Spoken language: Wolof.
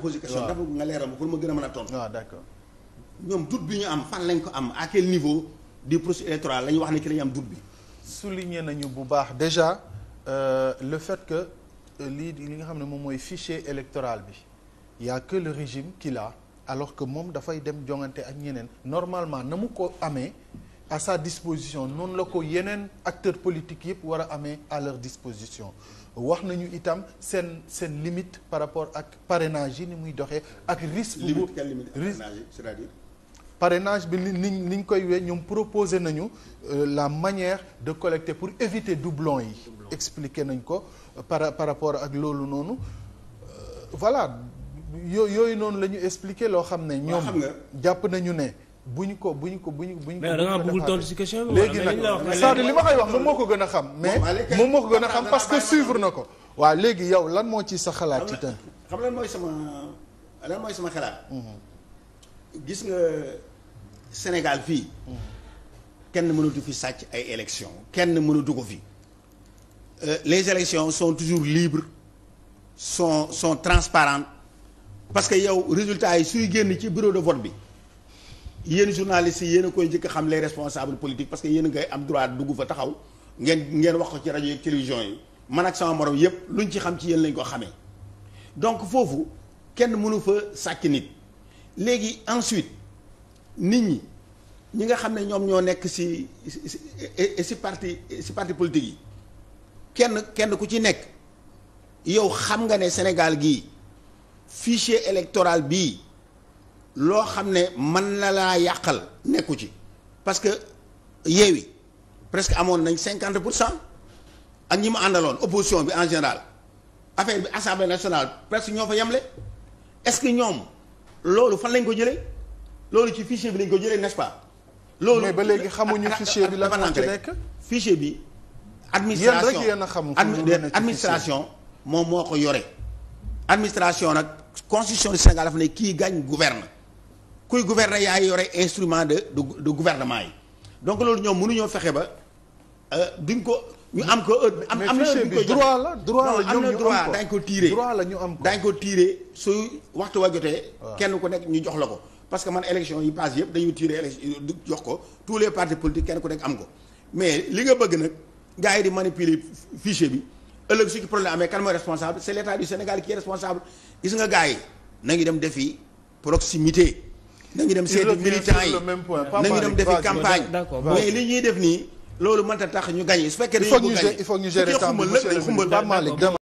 posé question dafa nga leeral ma pour ma gën a mën a tontu. waaw d'accord ñoom doute bi ñu am fan lañ ko am à quel niveau du processus électoral la ñu wax ne ki la ñu am doute bi. souligné nañu bu baax déjà euh, le fait que euh, lii li nga xam ne moom mooy fichier électoral bi yaa que le régime qui l'a alors que moom dafay dem jongante ak ñeneen normalement na mu ko amee. à sa disposition noonu la ko yeneen acteur politiques yëpp war a amee à leur disposition wax nañu itam seen seen limite par rapport ak parrainage yi ni muy doxee ak risque limite quelle limite bi ni niñ ni ñu koy wee ñoom proposé nañu euh, la manière de collecter pour éviter doublon yi expliqué nañ ko euh, par par rapport ak loolu noonu euh, voilà yoo yooyu noonu la ñu expliqué loo xam ne ñoom jàpp nañu ne bu ñu ko bu ñu ko bu ñu bu ñu ko. mais da ngaa bëggul tontu ci question bi. léegi nag c'est-à-dire li ma koy wax moom moo ko gën a xam. mais moom moo ko gën a xam parce que suivre na ko. waaw léegi yow lan moo ci sa xalaat ci tënk. xam lan mooy sama lan mooy sama xalaat. Mhm. gis nga Sénégal fii. Mhm. kenn mënatu fi sàcc ay élections kenn mënatu ko fi. Euh, les élections sont toujours libres sont sont transparentes parce que yow résultat yi suy génn ci bureau de vote bi. yéen journalistes yi yéen a koy njëkk xam les responsables politiques parce que yéen a ngay am droit dugg fa taxaw ngeen ngeen wax ko ci rajo yeeg télévision yi man ak sama morom yépp luñ ci xam ci yéen lañ ko xamee donc foofu kenn mënu fa sàcc nit léegi ensuite nit ñi ñi nga xam ne ñoom ñoo nekk si si parti si parti politique yi kenn kenn ku ci nekk yow xam nga ne Sénégal gi fichier électoral bii loo xam ne mën na laa yàqal nekku ci parce que Yewwi presque amoon nañ cinquante pour cent ak ñi mu àndaloon opposition bi en général affaire bi assemblée nationale presque ñoo fa yemle est-ce que ñoom loolu fan lañ ko jëlee loolu ci fichier bi lañ ko jëlee n'est-ce loolu ba léegi xamuñu fichier bi la moo ci nekk fichier bi. administration yéen rek administration moom moo ko yore. administration nag constitution du Sénégal dafa ne kii gañ gouverne. kuy gouverner yaay yore instrument de de gouvernement yi donc loolu ñoom mënuñoo fexe ba euh, duñ ko ñu am ko heure am am na na droit dañ ko tiiree droit la ñu am ko dañ ko tiiree su waxtu wa jotee kenn ku nekk ñu jox la ko parce que man élection yi passe yëpp dañuy tiiree élection jox ko tous les partis politiques kenn ku nekk am ko mais li nga bëgg nag gars yi di manipuler fichier bi ëllëg su ci problème amee kan mooy responsable c'est l'état du Sénégal qui est responsable gis nga gars yi nañu dem defi nangi dem seeti militant yi nañu dem defi campagne mais li ñuy def nii loolu mënta tax ñu gagné su fekkee dañu ko gagné il faut ñu gérer temps bi monsieur